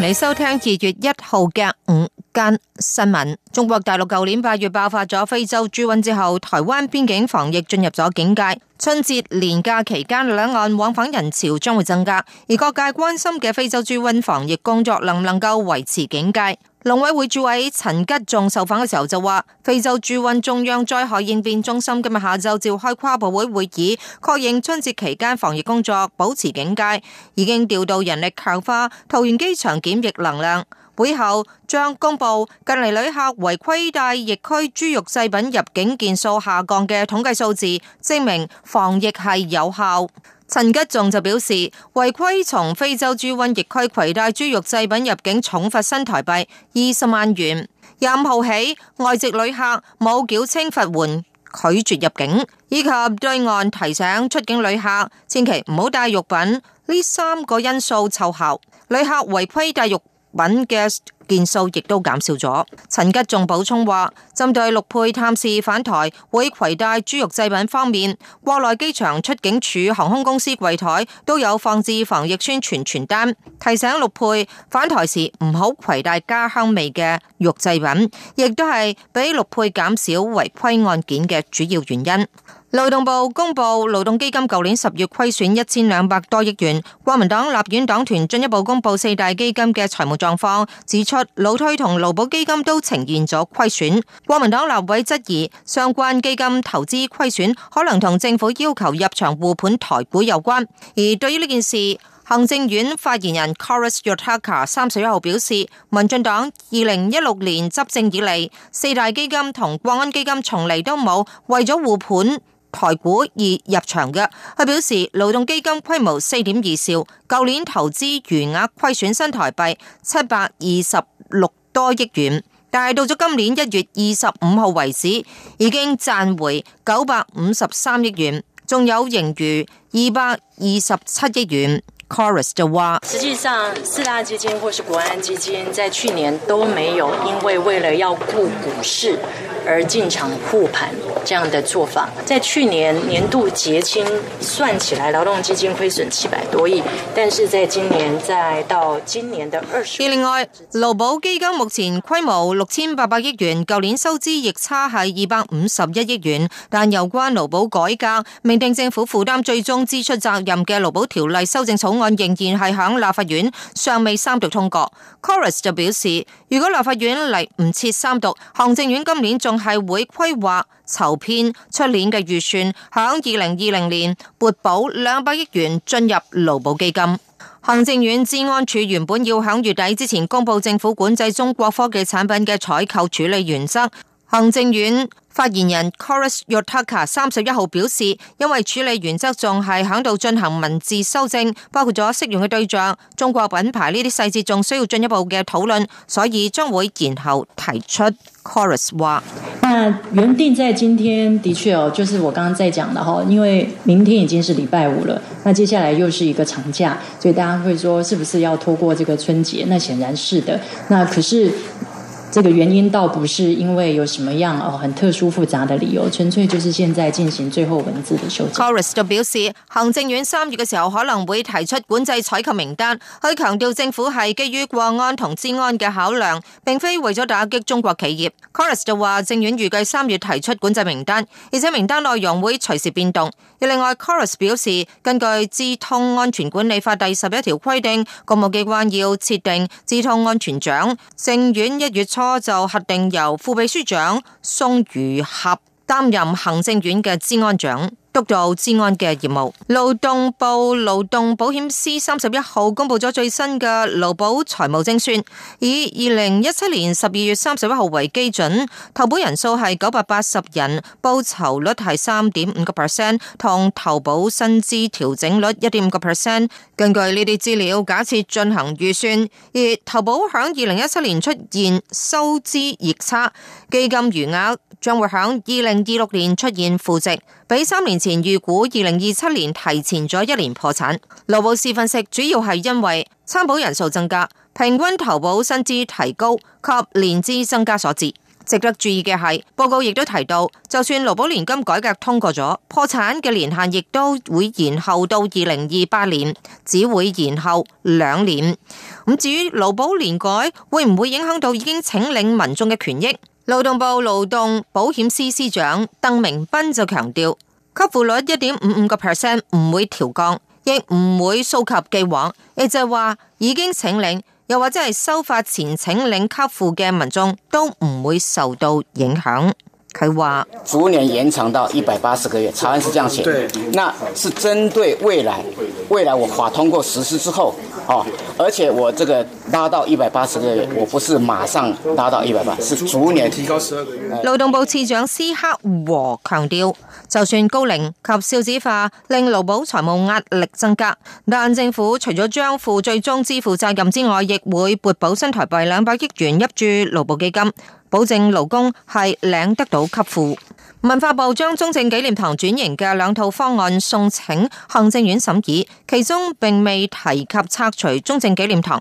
同你收聽二月一號嘅午間新聞。中國大陸舊年八月爆發咗非洲豬瘟之後，台灣邊境防疫進入咗警戒。春節年假期間兩岸往返人潮將會增加，而各界關心嘅非洲豬瘟防疫工作能唔能夠維持警戒？農委會主委陳吉仲受訪嘅時候就話，非洲豬瘟中央災害應變中心今日下晝召開跨部會會議，確認春節期間防疫工作保持警戒，已經調到人力強化，桃園機場檢疫能量。會後將公布近嚟旅客違規帶疫區豬肉製品入境件數下降嘅統計數字，證明防疫係有效。陳吉仲就表示，違規從非洲豬瘟疫區攜帶豬肉製品入境，重罰新台幣二十萬元。廿五號起，外籍旅客冇繳清罰鍰，拒絕入境，以及對岸提醒出境旅客，千祈唔好帶肉品，呢三個因素奏效，旅客違規帶肉品嘅。件數亦都減少咗。陳吉仲補充話，針對陸配探視返台會攜帶豬肉製品方面，國內機場出境處航空公司櫃台都有放置防疫宣傳傳單，提醒陸配返台時唔好攜帶家鄉味嘅肉製品，亦都係俾陸配減少違規案件嘅主要原因。勞動部公布勞動基金舊年十月虧損一千兩百多億元。國民黨立院黨團進一步公布四大基金嘅財務狀況，指出勞退同勞保基金都呈現咗虧損。國民黨立委質疑相關基金投資虧損可能同政府要求入場護盤台股有關。而對於呢件事，行政院發言人 Kolas Yotaka 三十一號表示，民進黨二零一六年執政以嚟，四大基金同國安基金從嚟都冇為咗護盤。台股已入場嘅，佢表示勞動基金規模四點二兆，舊年投資餘額虧損新台幣七百二十六多億元，但係到咗今年一月二十五號為止，已經賺回九百五十三億元，仲有盈餘二百二十七億元。Corus 的實際上四大基金或是國安基金在去年都沒有因為為了要顧股市而進場護盤這樣的做法。在去年年度結清算起來，勞動基金虧損七百多億，但是在今年再到今年的二十。另外，勞保基金目前規模六千八百億元，舊年收支逆差係二百五十一億元，但有關勞保改革，明定政府負擔最終支出責任嘅勞保條例修正草案。案仍然係響立法院尚未三讀通過。chorus 就表示，如果立法院嚟唔設三讀，行政院今年仲係會規劃籌編出年嘅預算，響二零二零年撥補兩百億元進入勞保基金。行政院治安處原本要響月底之前公布政府管制中國科技產品嘅採購處理原則。行政院發言人 Chorus Yotaka 三十一號表示，因為處理原則仲係響度進行文字修正，包括咗適用嘅對象、中國品牌呢啲細節仲需要進一步嘅討論，所以將會延後提出。Chorus 話：那原定在今天的確哦，就是我剛剛在講嘅嗬，因為明天已經是禮拜五了，那接下來又是一個長假，所以大家會說，是不是要拖過這個春節？那顯然是的。那可是。這個原因倒不是因為有什麼樣哦很特殊複雜的理由，純粹就是現在進行最後文字的修正。Corus 就表示，行政院三月嘅時候可能會提出管制採購名單。佢強調政府係基於國安同治安嘅考量，並非為咗打擊中國企業。Corus 就話，政院預計三月提出管制名單，而且名單內容會隨時變動。而另外，Corus 表示，根據《資通安全管理法》第十一條規定，公務機關要設定資通安全長。政院一月。初就核定由副秘書長宋如俠擔任行政院嘅資安長。速度治安嘅業務，勞動部勞動保險司三十一號公布咗最新嘅勞保財務精算，以二零一七年十二月三十一號為基準，投保人數係九百八十人，報酬率係三點五個 percent，同投保薪資調整率一點五個 percent。根據呢啲資料假設進行預算，而投保響二零一七年出現收支逆差，基金餘額將會響二零二六年出現負值，比三年前。前預估二零二七年，提前咗一年破產。勞保署分析主要係因為參保人數增加、平均投保薪資提高及年資增加所致。值得注意嘅係，報告亦都提到，就算勞保年金改革通過咗，破產嘅年限亦都會延後到二零二八年，只會延後兩年。咁至於勞保年改會唔會影響到已經請領民眾嘅權益，勞動部勞動保險司司長鄧明斌就強調。給付率一點五五個 percent 唔會調降，亦唔會溯及既往，亦就係話已經請領又或者係修法前請領給付嘅民眾都唔會受到影響。佢話逐年延長到一百八十個月，草案是這樣寫，對，那是針對未來，未來我法通過實施之後。哦，而且我這個拉到一百八十個月，我不是馬上拉到一百八十個月，是逐年。勞動部次長施克和強調，就算高齡及少子化令勞保財務壓力增加，但政府除咗將負最終支付責任之外，亦會撥補新台幣兩百億元挹注勞保基金，保證勞工係領得到給付。文化部將中正紀念堂轉型嘅兩套方案送請行政院審議，其中並未提及拆除中正紀念堂。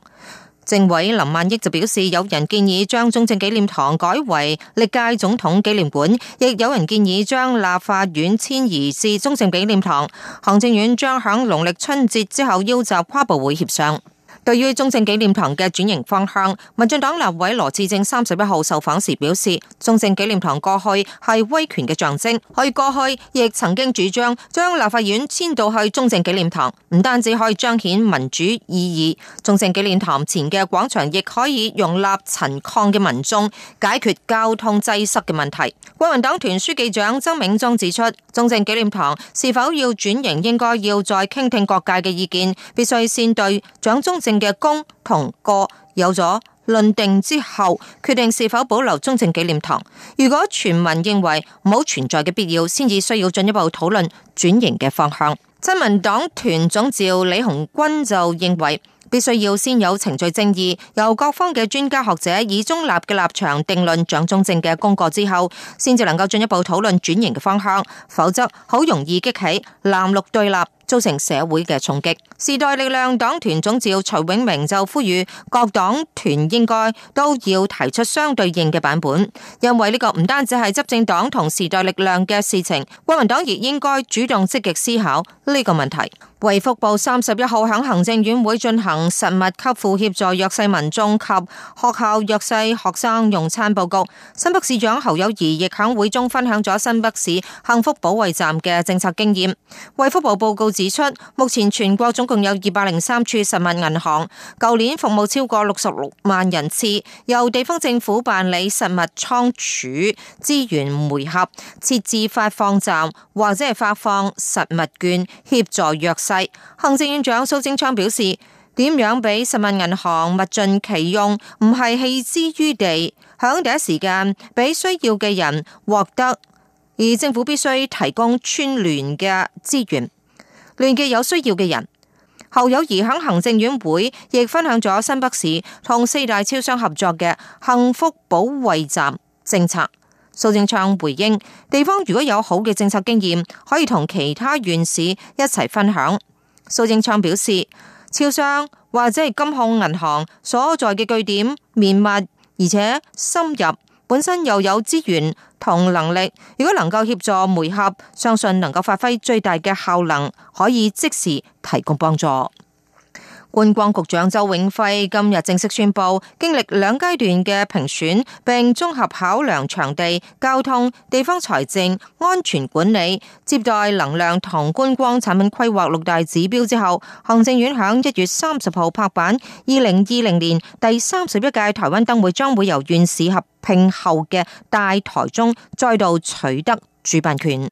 政委林萬億就表示，有人建議將中正紀念堂改為歷屆總統紀念館，亦有人建議將立法院遷移至中正紀念堂。行政院將響農曆春節之後邀集跨部會協商。對於中正紀念堂嘅轉型方向，民進黨立委羅致政三十一號受訪時表示，中正紀念堂過去係威權嘅象徵，佢過去亦曾經主張將立法院遷到去中正紀念堂，唔單止可以彰顯民主意義，中正紀念堂前嘅廣場亦可以容納陳抗嘅民眾，解決交通擠塞嘅問題。國民黨團書記長曾銘宗指出，中正紀念堂是否要轉型，應該要再傾聽各界嘅意見，必須先對蔣中正。嘅功同過有咗論定之後，決定是否保留中正紀念堂。如果全民認為冇存在嘅必要，先至需要進一步討論轉型嘅方向。親民黨團總召李鴻鈞就認為，必須要先有程序正義，由各方嘅專家學者以中立嘅立場定論蔣中正嘅功過之後，先至能夠進一步討論轉型嘅方向。否則，好容易激起藍綠對立，造成社會嘅衝擊。時代力量黨團總召徐永明就呼籲各黨團應該都要提出相對應嘅版本，因為呢個唔單止係執政黨同時代力量嘅事情，國民黨亦應該主動積極思考呢個問題。衛福部三十一號喺行政院會進行實物給付協助弱勢民眾及學校弱勢學生用餐報告。新北市長侯友宜亦喺會中分享咗新北市幸福保衛站嘅政策經驗。衛福部報告指出，目前全國總共有二百零三處實物銀行，舊年服務超過六十六萬人次，由地方政府辦理實物倉儲資源回合、設置發放站或者係發放實物券協助弱勢。行政院長蘇貞昌表示：點樣俾十萬銀行物盡其用，唔係棄之於地，響第一時間俾需要嘅人獲得，而政府必須提供串聯嘅資源，連接有需要嘅人。侯友宜喺行政院會亦分享咗新北市同四大超商合作嘅幸福保衛站政策。蘇貞昌回應：地方如果有好嘅政策經驗，可以同其他縣市一齊分享。蘇貞昌表示，超商或者係金控銀行所在嘅據點，綿密而且深入，本身又有資源同能力，如果能夠協助媒合，相信能夠發揮最大嘅效能，可以即時提供幫助。觀光局長周永輝今日正式宣布，經歷兩階段嘅評選，並綜合考量場地、交通、地方財政、安全管理、接待能量同觀光產品規劃六大指標之後，行政院響一月三十號拍板，二零二零年第三十一屆台灣燈會將會由縣市合併後嘅大台中再度取得主辦權。